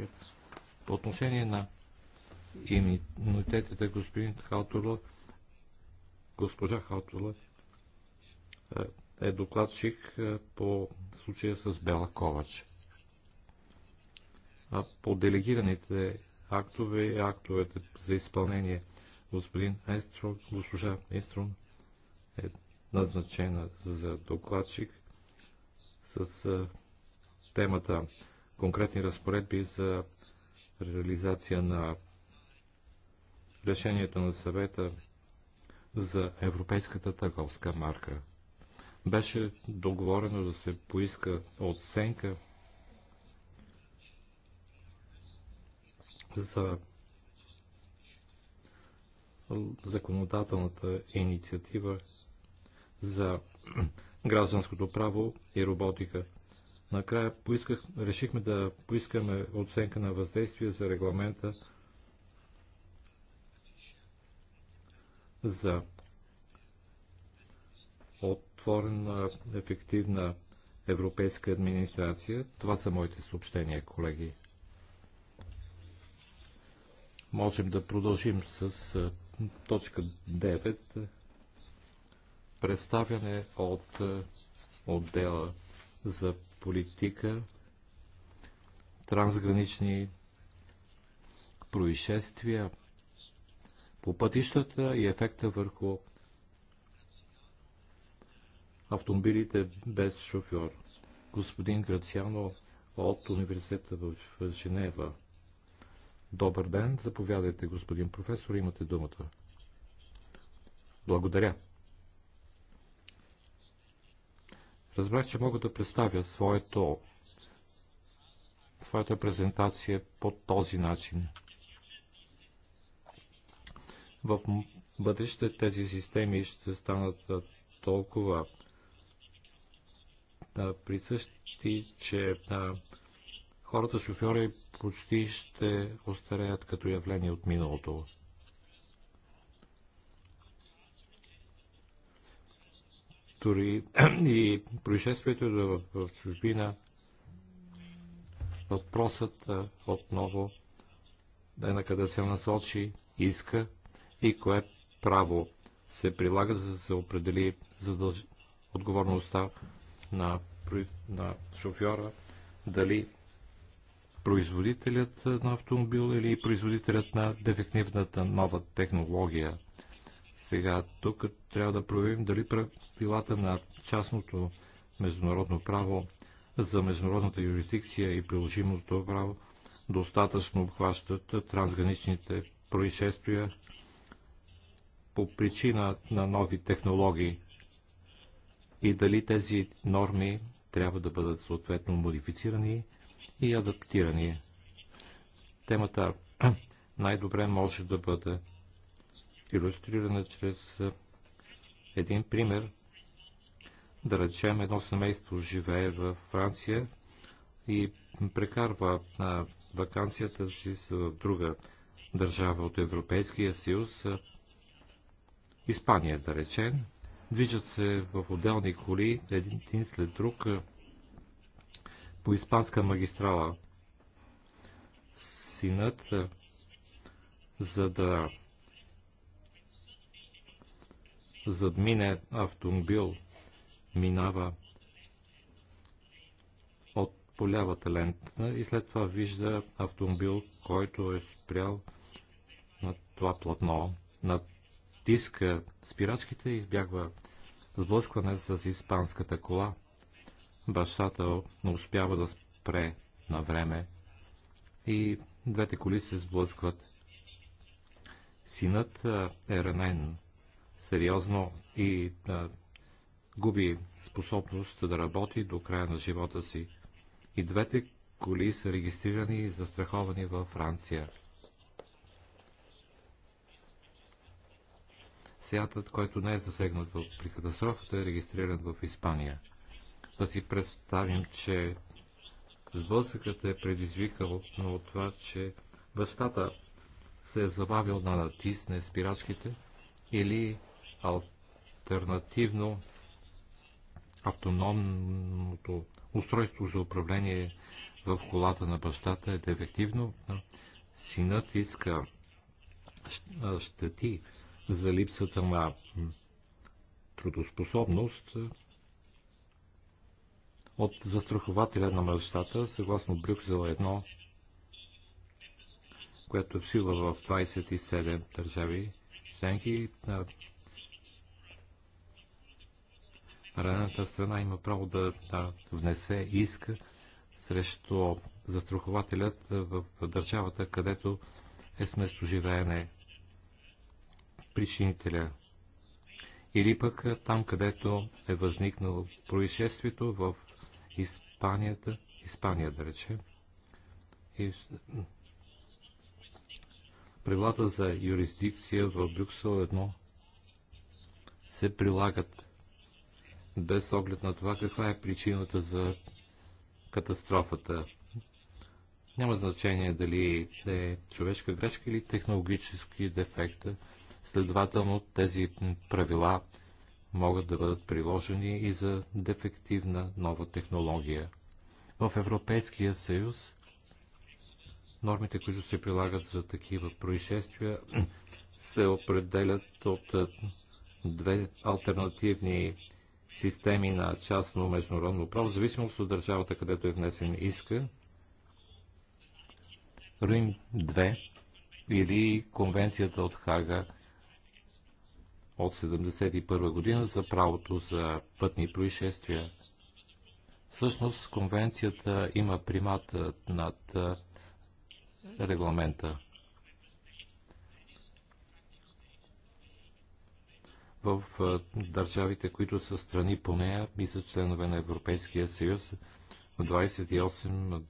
проверка. По отношение на имунитетите, господин Халтула, госпожа Халтурла, е, е докладчик е, по случая с Бела Ковач. А по делегираните актове и актовете за изпълнение господин Естрон, госпожа Естрон е назначена за докладчик с е, темата конкретни разпоредби за реализация на решението на съвета за европейската търговска марка. Беше договорено да се поиска оценка за законодателната инициатива за гражданското право и роботика – Накрая поисках, решихме да поискаме оценка на въздействие за регламента за отворена, ефективна европейска администрация. Това са моите съобщения, колеги. Можем да продължим с точка 9. Представяне от отдела за политика, трансгранични происшествия по пътищата и ефекта върху автомобилите без шофьор. Господин Грациано от университета в Женева. Добър ден, заповядайте, господин професор, имате думата. Благодаря. Разбрах, че мога да представя своето, своята презентация по този начин. В бъдеще тези системи ще станат толкова да, присъщи, че да, хората шофьори почти ще остареят като явление от миналото. Дори и происшествието в, в чужбина, въпросът отново е на къде се насочи, иска и кое право се прилага, за да се определи задълж... отговорността на, на шофьора, дали производителят на автомобил или производителят на дефективната нова технология – сега тук трябва да проверим дали правилата на частното международно право за международната юрисдикция и приложимото право достатъчно обхващат трансграничните происшествия по причина на нови технологии и дали тези норми трябва да бъдат съответно модифицирани и адаптирани. Темата най-добре може да бъде иллюстрирана чрез един пример. Да речем, едно семейство живее в Франция и прекарва на вакансията си в друга държава от Европейския съюз, Испания, да речем. Движат се в отделни коли, един след друг, по испанска магистрала. Синът, за да задмине автомобил, минава от полявата лента и след това вижда автомобил, който е спрял на това платно, натиска спирачките и избягва сблъскване с испанската кола. Бащата не успява да спре на време и двете коли се сблъскват. Синът е ранен сериозно и а, губи способност да работи до края на живота си. И двете коли са регистрирани и застраховани във Франция. Сеятът, който не е засегнат при катастрофата, е регистриран в Испания. Да си представим, че сблъсъкът е предизвикал от това, че бащата се е забавил да натисне спирачките или Альтернативно автономното устройство за управление в колата на бащата е дефективно. Синът иска щети за липсата на трудоспособност от застрахователя на мъжата, съгласно Брюксел 1, което е в сила в 27 държави членки. Ранената страна има право да, да внесе иск срещу застрахователят в държавата, където е с живеене причинителя. Или пък там, където е възникнало происшествието в Испанията, Испания да рече, и правилата за юрисдикция в Брюксел едно се прилагат без оглед на това каква е причината за катастрофата. Няма значение дали е човешка грешка или технологически дефект. Следователно тези правила могат да бъдат приложени и за дефективна нова технология. В Европейския съюз нормите, които се прилагат за такива происшествия, се определят от две альтернативни системи на частно международно право, в зависимост от държавата, където е внесен иска. Рим 2 или Конвенцията от Хага от 1971 година за правото за пътни происшествия. Всъщност, конвенцията има примат над регламента. в държавите, които са страни по нея и са членове на Европейския съюз. 28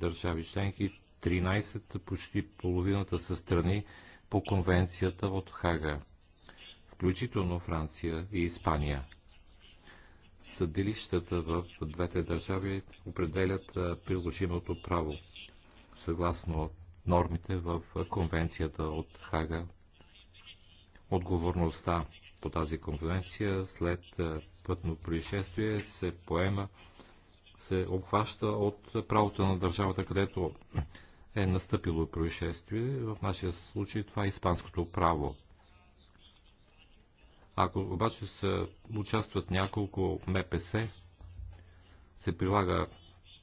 държави членки, 13, почти половината са страни по конвенцията от Хага, включително Франция и Испания. Съдилищата в двете държави определят приложимото право, съгласно нормите в конвенцията от Хага. Отговорността по тази конвенция след е, пътно происшествие се поема, се обхваща от правото на държавата, където е настъпило происшествие. В нашия случай това е испанското право. Ако обаче са, участват няколко МПС, се прилага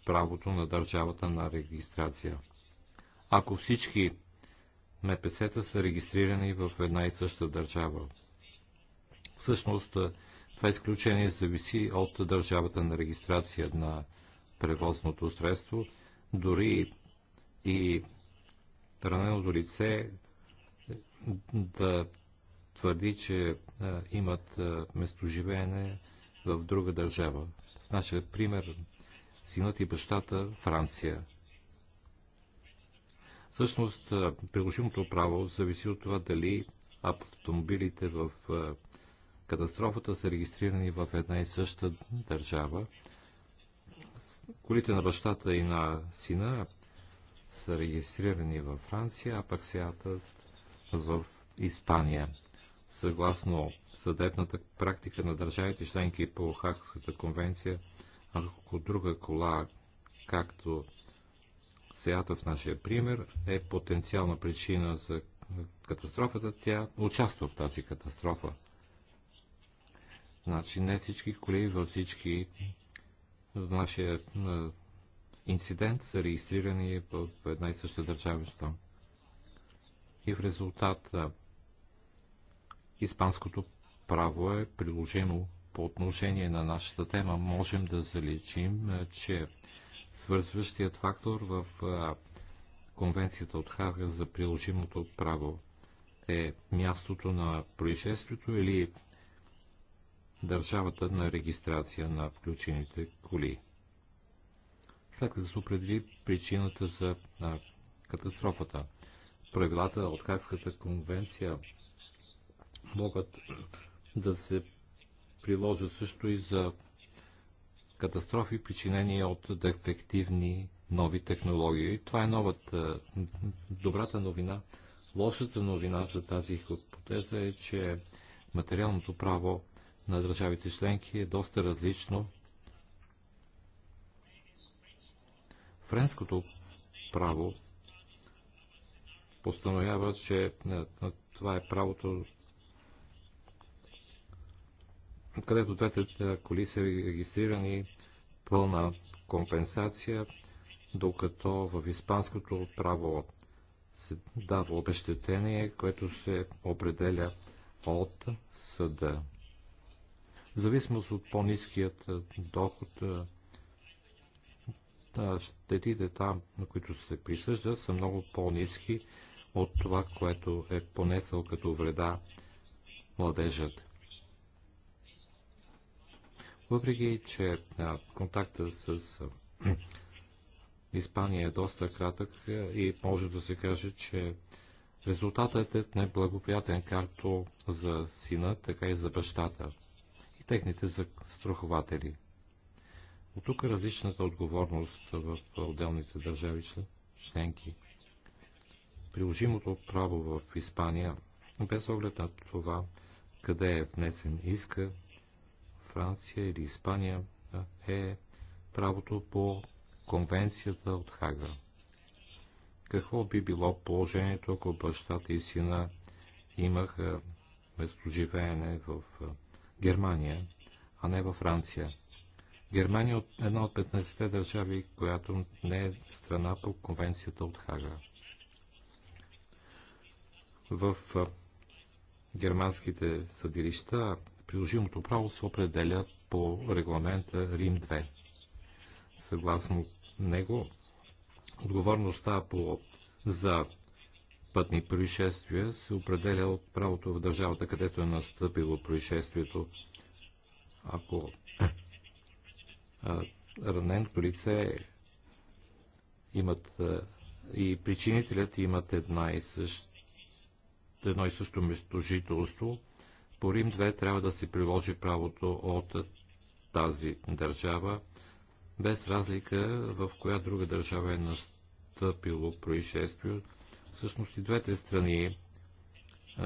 правото на държавата на регистрация. Ако всички МПС-та са регистрирани в една и съща държава, Всъщност е, това изключение зависи от държавата на регистрация на превозното средство. Дори и раненото лице е, да твърди, че е, имат местоживеене в друга държава. В нашия пример синът и бащата Франция. Всъщност, приложимото право зависи от това дали автомобилите в катастрофата са регистрирани в една и съща държава. Колите на бащата и на сина са регистрирани във Франция, а пък сеята в Испания. Съгласно съдебната практика на държавите членки по Хакската конвенция, ако друга кола, както сеята в нашия пример, е потенциална причина за катастрофата, тя участва в тази катастрофа. Значи не всички коли във всички в нашия инцидент са регистрирани в една и съща държава. И в резултат испанското право е приложимо по отношение на нашата тема. Можем да заличим, че свързващият фактор в Конвенцията от Хага за приложимото право е мястото на происшествието или държавата на регистрация на включените коли. След като се определи причината за а, катастрофата, правилата от Хакската конвенция могат да се приложат също и за катастрофи, причинени от дефективни нови технологии. Това е новата, добрата новина. Лошата новина за тази хипотеза е, че материалното право на държавите членки е доста различно. Френското право постановява, че е, е, това е правото, където двете е, коли са регистрирани пълна компенсация, докато в испанското право се дава обещетение, което се определя от съда в зависимост от по-низкият е, доход, е, щетите там, на които се присъждат, са много по-низки от това, което е понесъл като вреда младежът. Въпреки, че е, контакта с Испания е доста кратък и може да се каже, че резултатът е неблагоприятен както за сина, така и за бащата техните застрахователи. От тук различната отговорност в отделните държави членки. Приложимото право в Испания, без оглед на това къде е внесен иска, Франция или Испания, е правото по конвенцията от Хага. Какво би било положението, ако бащата и сина имаха местоживеене в Германия, а не във Франция. Германия е една от 15-те държави, която не е страна по конвенцията от Хага. В германските съдилища приложимото право се определя по регламента Рим 2. Съгласно него, отговорността по, за пътни происшествия се определя от правото в държавата, където е настъпило происшествието. Ако раненото лице имат и причинителят имат една и същ, едно и също местожителство, по Рим 2 трябва да се приложи правото от тази държава, без разлика в коя друга държава е настъпило происшествието Всъщност и двете страни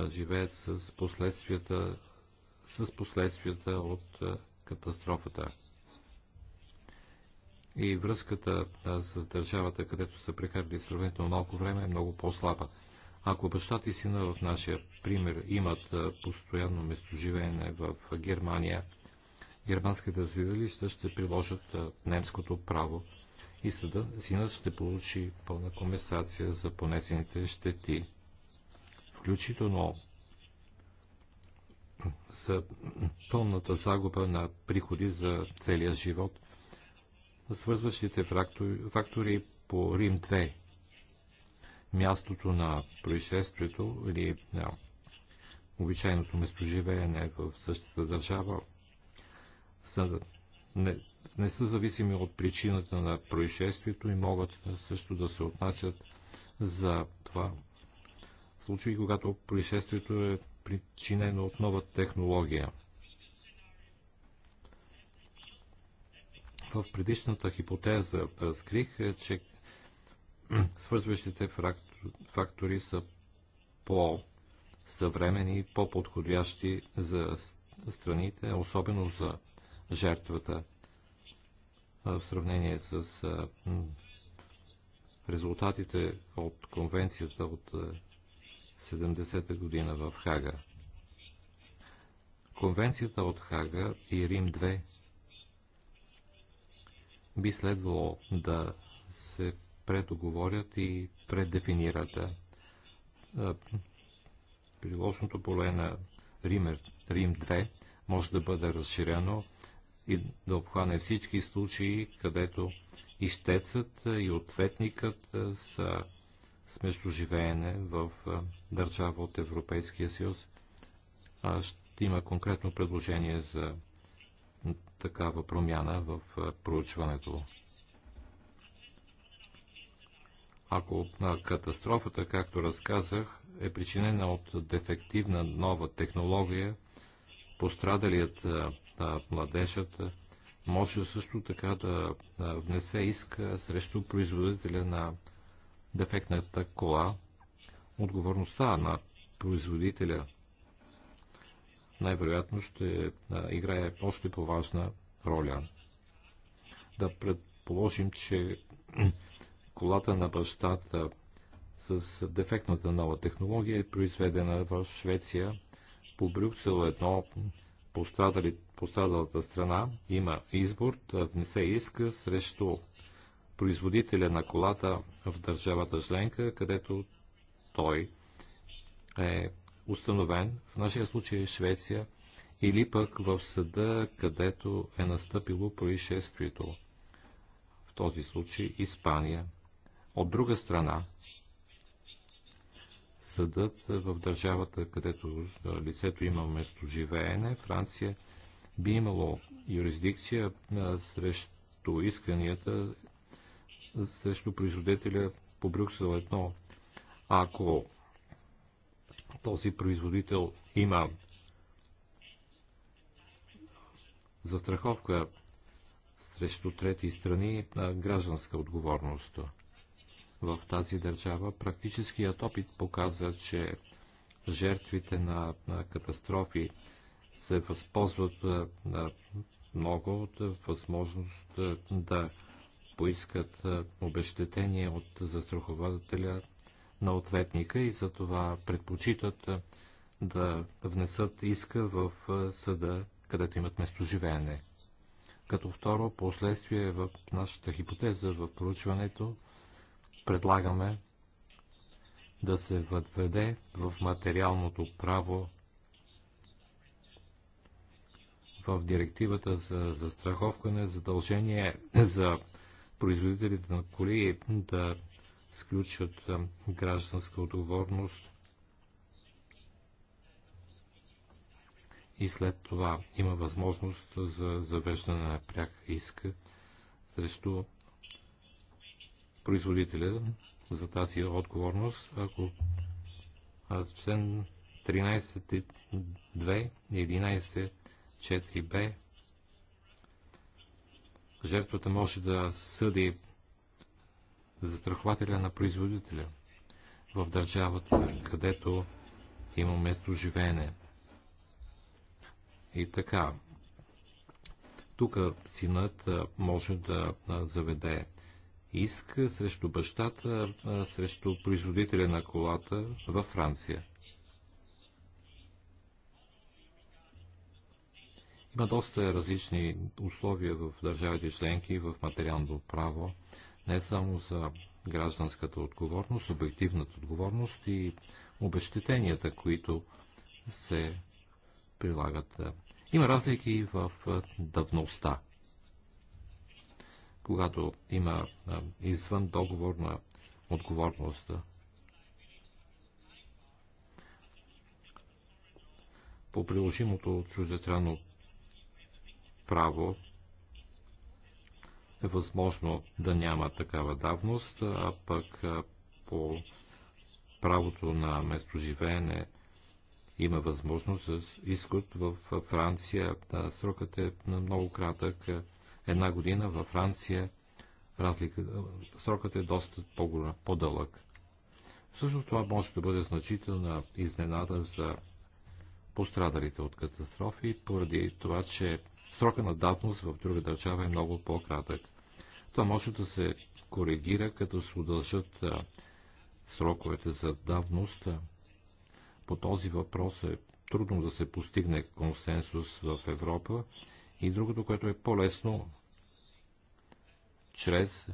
живеят с последствията, с последствията от катастрофата. И връзката с държавата, където са прекарали сравнително малко време, е много по-слаба. Ако бащата и сина в нашия пример имат постоянно местоживеене в Германия, германските заседалища ще приложат немското право и съда, синът ще получи пълна компенсация за понесените щети, включително за пълната загуба на приходи за целия живот, свързващите фактори по Рим 2, мястото на происшествието или на обичайното местоживеене в същата държава, са не, не са зависими от причината на происшествието и могат също да се отнасят за това случаи, когато происшествието е причинено от нова технология. В предишната хипотеза разкрих, е, че свързващите фактори са по-съвремени и по-подходящи за страните, особено за жертвата в сравнение с резултатите от конвенцията от 70-та година в Хага. Конвенцията от Хага и Рим 2 би следвало да се предоговорят и предефинират приложното поле на Рим, Рим 2 може да бъде разширено и да обхване всички случаи, където истецът и ответникът са с междуживеене в държава от Европейския съюз. Ще има конкретно предложение за такава промяна в проучването. Ако катастрофата, както разказах, е причинена от дефективна нова технология, пострадалият на младежата може също така да внесе иск срещу производителя на дефектната кола. Отговорността на производителя най-вероятно ще играе още по-важна роля. Да предположим, че колата на бащата с дефектната нова технология е произведена в Швеция. По Брюксел едно пострадали, пострадалата страна има избор да внесе иска срещу производителя на колата в държавата членка, където той е установен, в нашия случай е Швеция, или пък в съда, където е настъпило происшествието, в този случай Испания. От друга страна, съдът в държавата, където лицето има место живеене, Франция, би имало юрисдикция срещу исканията срещу производителя по Брюксел едно. Ако този производител има застраховка срещу трети страни на гражданска отговорност в тази държава. Практическият опит показа, че жертвите на, на катастрофи се възползват много от възможност да поискат обещетение от застрахователя на ответника и за това предпочитат да внесат иска в съда, където имат место живеене. Като второ последствие в нашата хипотеза в проучването предлагаме да се въдведе в материалното право в директивата за застраховкане задължение за производителите на коли да сключат гражданска отговорност и след това има възможност за завеждане на пряк иск срещу производителя за тази отговорност, ако член 13.2 и 11.4b жертвата може да съди застрахователя на производителя в държавата, където има место живеене. И така, тук синът може да заведе иск срещу бащата, срещу производителя на колата във Франция. Има доста различни условия в държавите членки в материално право, не само за гражданската отговорност, обективната отговорност и обещетенията, които се прилагат. Има разлики в давността когато има извън договорна отговорност. По приложимото чуждестранно право е възможно да няма такава давност, а пък по правото на местоживеене има възможност с изход в Франция. срокът е много кратък една година, във Франция разлика, срокът е доста по-дълъг. Всъщност това може да бъде значителна изненада за пострадалите от катастрофи, поради това, че срока на давност в друга държава е много по-кратък. Това може да се коригира, като се удължат сроковете за давност. По този въпрос е трудно да се постигне консенсус в Европа и другото, което е по-лесно, чрез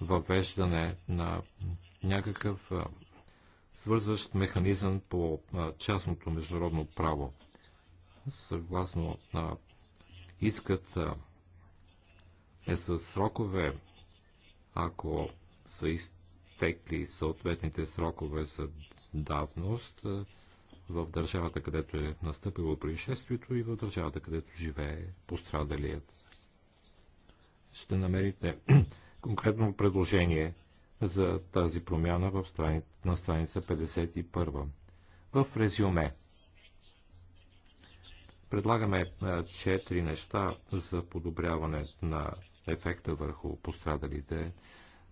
въвеждане на някакъв свързващ механизъм по частното международно право. Съгласно на искът е с срокове, ако са изтекли съответните срокове за давност, в държавата, където е настъпило происшествието и в държавата, където живее пострадалият. Ще намерите конкретно предложение за тази промяна в страни... на страница 51. В резюме предлагаме четири неща за подобряване на ефекта върху пострадалите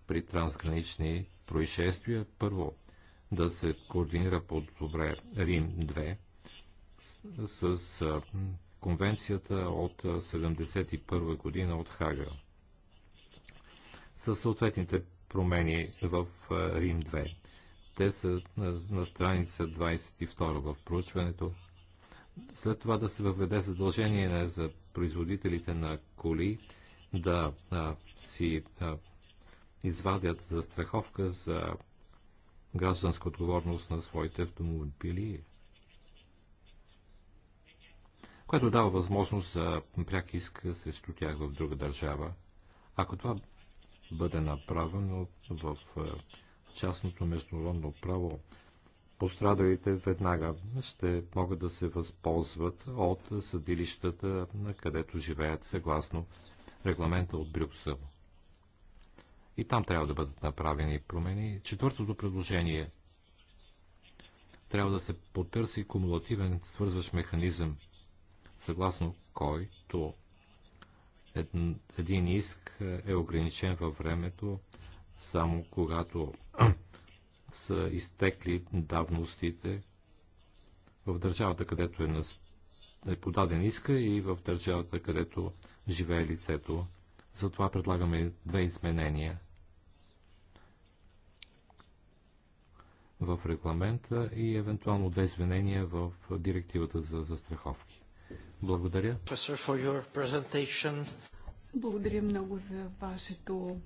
при трансгранични происшествия. Първо, да се координира по-добре Рим 2 с, с конвенцията от 1971 година от Хага със съответните промени в Рим 2. Те са на, на страница 22 в проучването. След това да се въведе задължение за производителите на коли да а, си а, извадят застраховка за гражданска отговорност на своите автомобили, което дава възможност за пряк иск срещу тях в друга държава. Ако това бъде направено в е, частното международно право, пострадалите веднага ще могат да се възползват от съдилищата, на където живеят съгласно регламента от Брюксел. И там трябва да бъдат направени промени. Четвъртото предложение трябва да се потърси кумулативен свързващ механизъм, съгласно който един иск е ограничен във времето, само когато са изтекли давностите в държавата, където е, е, подаден иска и в държавата, където живее лицето. Затова предлагаме две изменения в регламента и евентуално две изменения в директивата за застраховки. Благодаря. Благодаря много за вашето,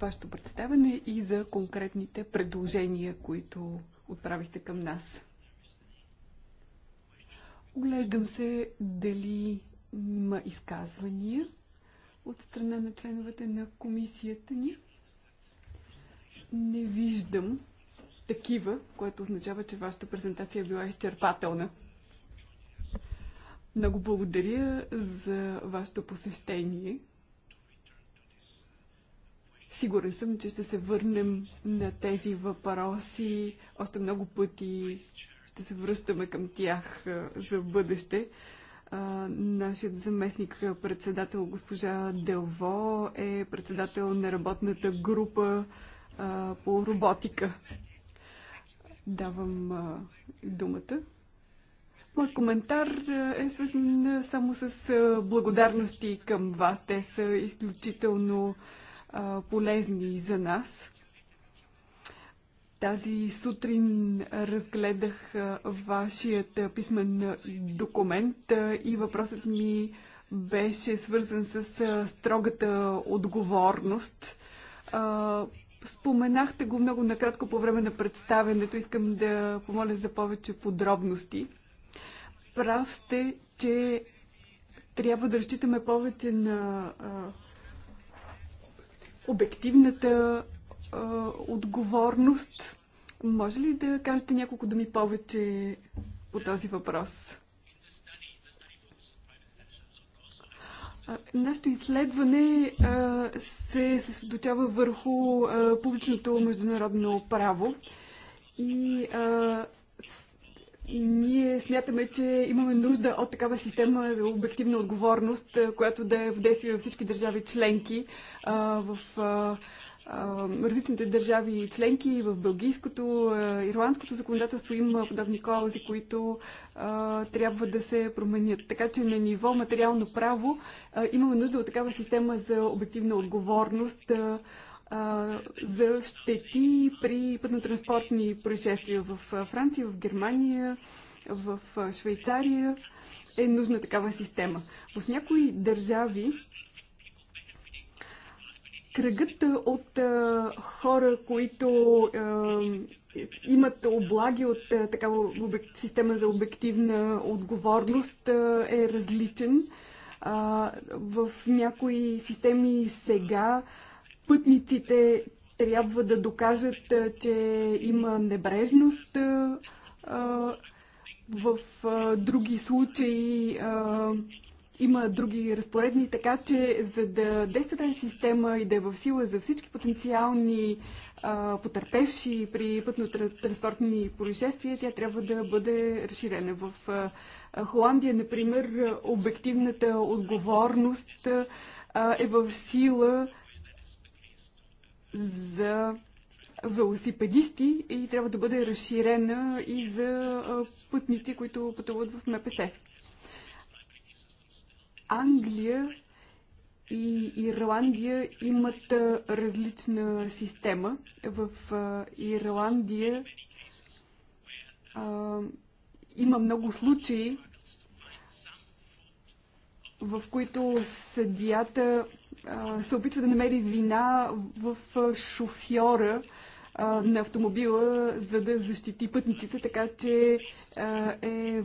вашето представене и за конкретните предложения, които отправихте към нас. Оглеждам се дали има изказвания от страна на членовете на комисията ни? Не виждам такива, което означава, че вашата презентация е била изчерпателна. Много благодаря за вашето посещение. Сигурен съм, че ще се върнем на тези въпроси още много пъти. Ще се връщаме към тях за бъдеще. Нашият заместник председател госпожа Делво е председател на работната група а, по роботика. Давам а, думата. Моят коментар е свързан само с благодарности към вас. Те са изключително а, полезни за нас. Тази сутрин разгледах вашият писмен документ и въпросът ми беше свързан с строгата отговорност. Споменахте го много накратко по време на представенето. Искам да помоля за повече подробности. Прав сте, че трябва да разчитаме повече на обективната отговорност. Може ли да кажете няколко думи повече по този въпрос? Нашето изследване се съсредоточава върху публичното международно право и ние смятаме, че имаме нужда от такава система за обективна отговорност, която да е в действие във всички държави членки в различните държави и членки в бългийското, ирландското законодателство има подобни клаузи, които трябва да се променят. Така че на ниво материално право имаме нужда от такава система за обективна отговорност за щети при пътно-транспортни происшествия в Франция, в Германия, в Швейцария. Е нужна такава система. В някои държави кръгът от а, хора, които а, имат облаги от а, такава обект, система за обективна отговорност а, е различен. А, в някои системи сега пътниците трябва да докажат, а, че има небрежност. А, в а, други случаи а, има други разпоредни, така че за да действа тази система и да е в сила за всички потенциални а, потърпевши при пътно-транспортни происшествия, тя трябва да бъде разширена. В а, Холандия, например, обективната отговорност а, е в сила за велосипедисти и трябва да бъде разширена и за пътници, които пътуват в МПС. Англия и Ирландия имат различна система. В Ирландия а, има много случаи, в които съдията а, се опитва да намери вина в шофьора на автомобила, за да защити пътниците, така че е,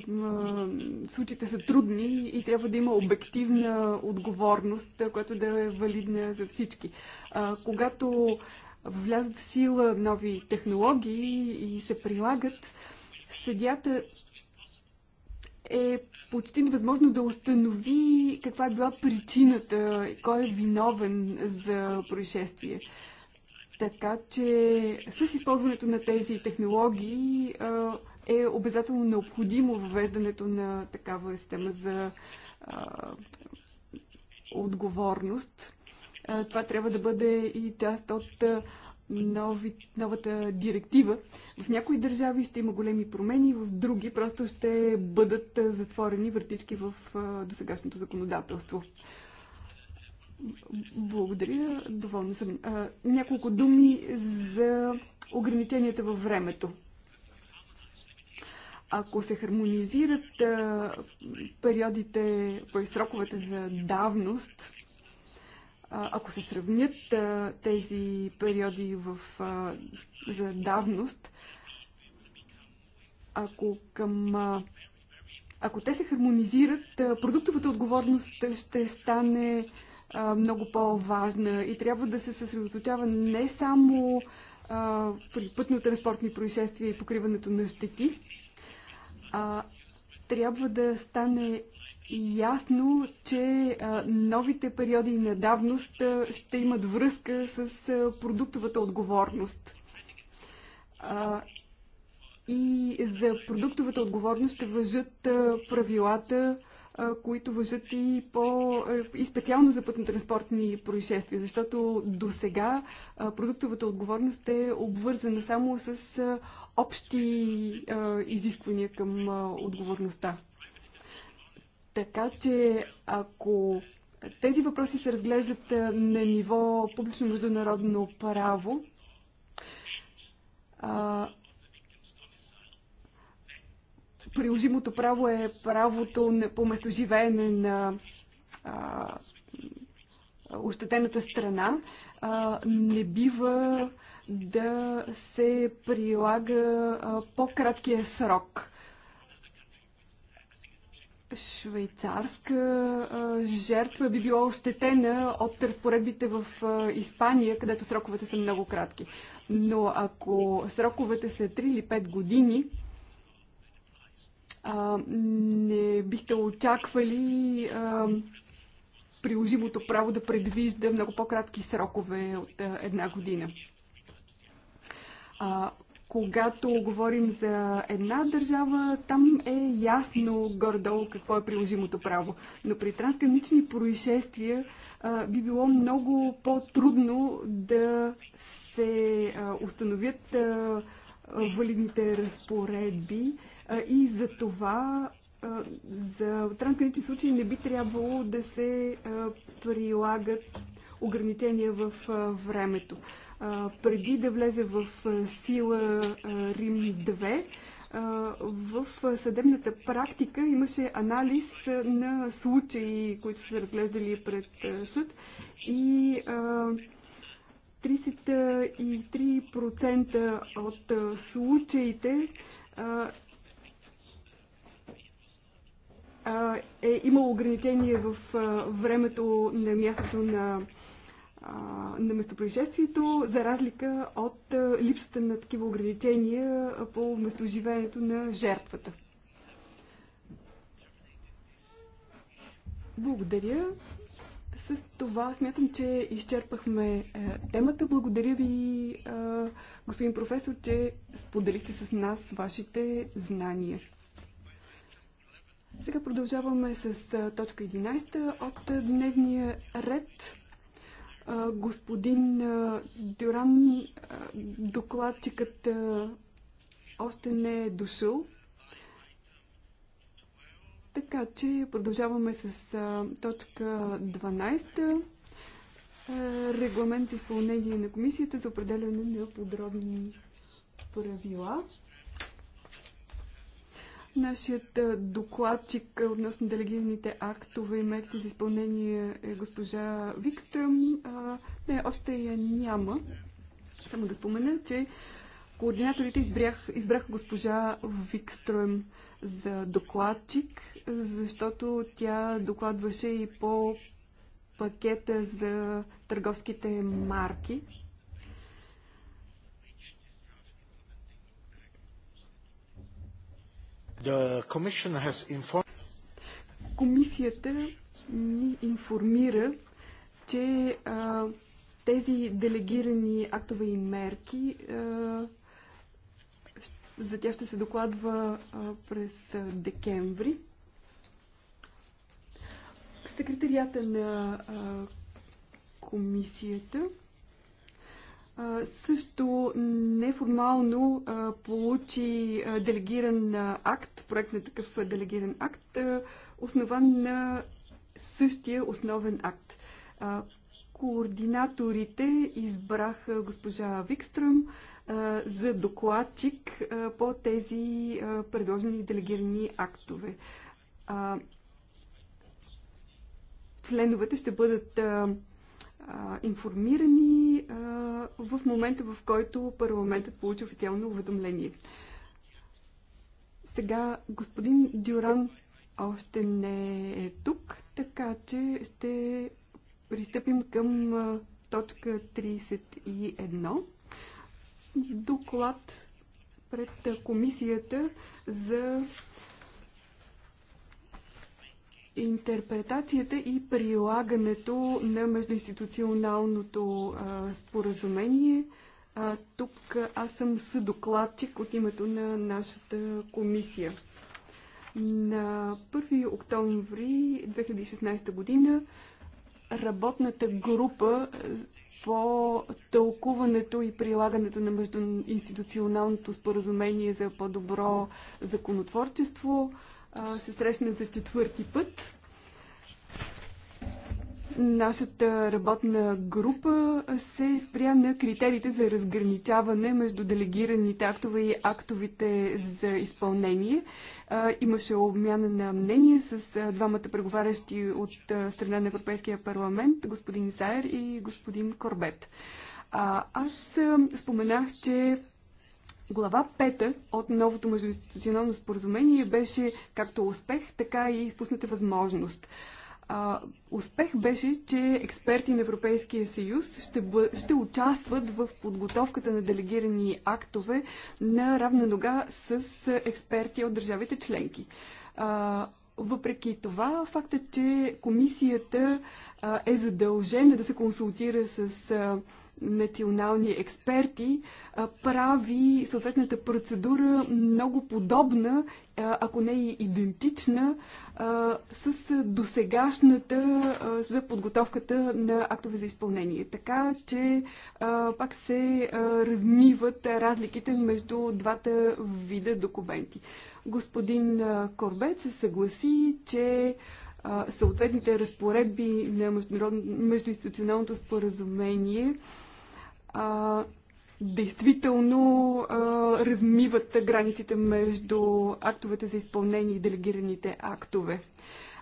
случаите са трудни и трябва да има обективна отговорност, която да е валидна за всички. Когато влязат в сила нови технологии и се прилагат, съдята е почти невъзможно да установи каква е била причината, кой е виновен за происшествие. Така че с използването на тези технологии е обязателно необходимо въвеждането на такава система за отговорност. Това трябва да бъде и част от нови, новата директива. В някои държави ще има големи промени, в други просто ще бъдат затворени вратички в досегашното законодателство. Благодаря. Доволна съм. А, няколко думи за ограниченията във времето. Ако се хармонизират а, периодите, сроковете за давност, а, ако се сравнят а, тези периоди в, а, за давност, ако към а, ако те се хармонизират, продуктовата отговорност ще стане а, много по-важна и трябва да се съсредоточава не само а, при пътно-транспортни происшествия и покриването на щети, а трябва да стане ясно, че а, новите периоди на давност а, ще имат връзка с а, продуктовата отговорност. А, и за продуктовата отговорност ще въжат правилата които въжат и, по, и специално за пътно-транспортни происшествия, защото до сега продуктовата отговорност е обвързана само с общи изисквания към отговорността. Така че ако тези въпроси се разглеждат на ниво публично международно право, приложимото право е правото по местоживеене на а, ощетената страна. А, не бива да се прилага по-краткия срок. Швейцарска а, жертва би била ощетена от разпоредбите в а, Испания, където сроковете са много кратки. Но ако сроковете са 3 или 5 години, а, не бихте очаквали а, приложимото право да предвижда много по-кратки срокове от а, една година. А, когато говорим за една държава, там е ясно гордо какво е приложимото право. Но при трансгранични происшествия а, би било много по-трудно да се а, установят а, валидните разпоредби. И за това за трансгранични случаи не би трябвало да се прилагат ограничения в времето. Преди да влезе в сила Рим 2, в съдебната практика имаше анализ на случаи, които са разглеждали пред съд и 33% от случаите е имало ограничение в времето на мястото на, на местопроизшествието, за разлика от липсата на такива ограничения по местоживеенето на жертвата. Благодаря. С това смятам, че изчерпахме е, темата. Благодаря ви, е, господин професор, че споделихте с нас вашите знания. Сега продължаваме с точка 11 от дневния ред. Господин Дюран, докладчикът още не е дошъл. Така че продължаваме с точка 12. Регламент за изпълнение на комисията за определяне на подробни правила. Нашият докладчик относно делегираните актове и мерки за изпълнение е госпожа Викстръм. Не, още я няма. Само да спомена, че координаторите избрях, избрах госпожа Викстръм за докладчик, защото тя докладваше и по пакета за търговските марки. Комисията ни информира, че а, тези делегирани актове и мерки а, за тях ще се докладва а, през декември. Секретарията на а, комисията също неформално получи делегиран акт, проект на такъв делегиран акт, основан на същия основен акт. Координаторите избраха госпожа Викстръм за докладчик по тези предложени делегирани актове. Членовете ще бъдат информирани в момента, в който парламентът получи официално уведомление. Сега господин Дюран още не е тук, така че ще пристъпим към точка 31. Доклад пред комисията за интерпретацията и прилагането на междуинституционалното а, споразумение. А, тук аз съм съдокладчик от името на нашата комисия. На 1 октомври 2016 година работната група по тълкуването и прилагането на междуинституционалното споразумение за по-добро законотворчество се срещна за четвърти път. Нашата работна група се спря на критериите за разграничаване между делегираните актове и актовите за изпълнение. Имаше обмяна на мнение с двамата преговарящи от страна на Европейския парламент, господин Сайер и господин Корбет. Аз споменах, че Глава 5 от новото междуинституционално споразумение беше както успех, така и изпусната възможност. А, успех беше, че експерти на Европейския съюз ще, бъ... ще участват в подготовката на делегирани актове на равна нога с експерти от държавите членки. А, въпреки това, фактът, че комисията а, е задължена да се консултира с. А, национални експерти прави съответната процедура много подобна, ако не и идентична, с досегашната за подготовката на актове за изпълнение. Така че пак се размиват разликите между двата вида документи. Господин Корбет се съгласи, че съответните разпоредби на междуинституционалното споразумение а, действително а, размиват границите между актовете за изпълнение и делегираните актове.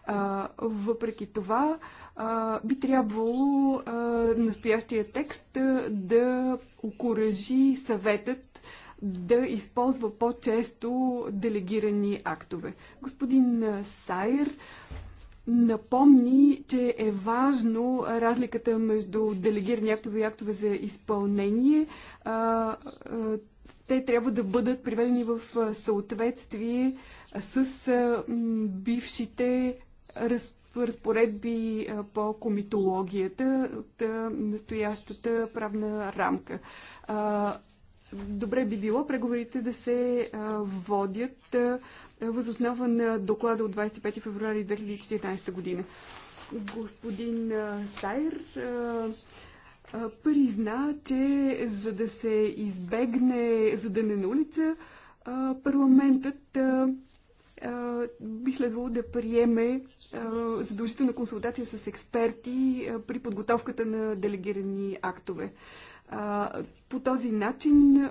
А, въпреки това, а, би трябвало а, настоящия текст а, да окоръжи съветът да използва по-често делегирани актове. Господин Сайер напомни, че е важно разликата между делегирани актове и актове за изпълнение. Те трябва да бъдат приведени в съответствие с бившите разпоредби по комитологията от настоящата правна рамка добре би било преговорите да се водят възоснова на доклада от 25 февруари 2014 година. Господин Сайер призна, че за да се избегне не на улица, парламентът би следвало да приеме задължителна консултация с експерти при подготовката на делегирани актове. По този начин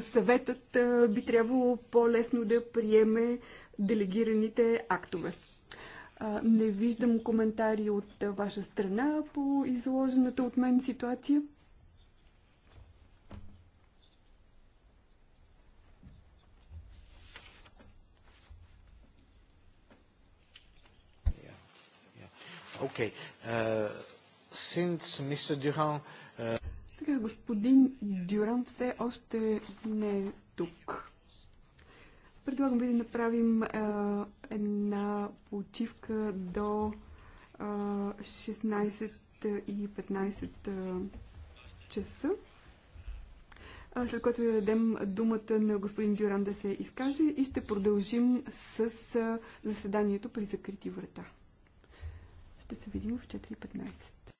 съветът би трябвало по-лесно да приеме делегираните актове. Не виждам коментари от ваша страна по изложената от мен ситуация. Okay. Uh, since Mr. Durand uh, сега господин Дюран все още не е тук. Предлагам ви да направим а, една почивка до а, 16 и 15 а, часа, а, след което да дадем думата на господин Дюран да се изкаже и ще продължим с а, заседанието при закрити врата. Ще се видим в 4.15.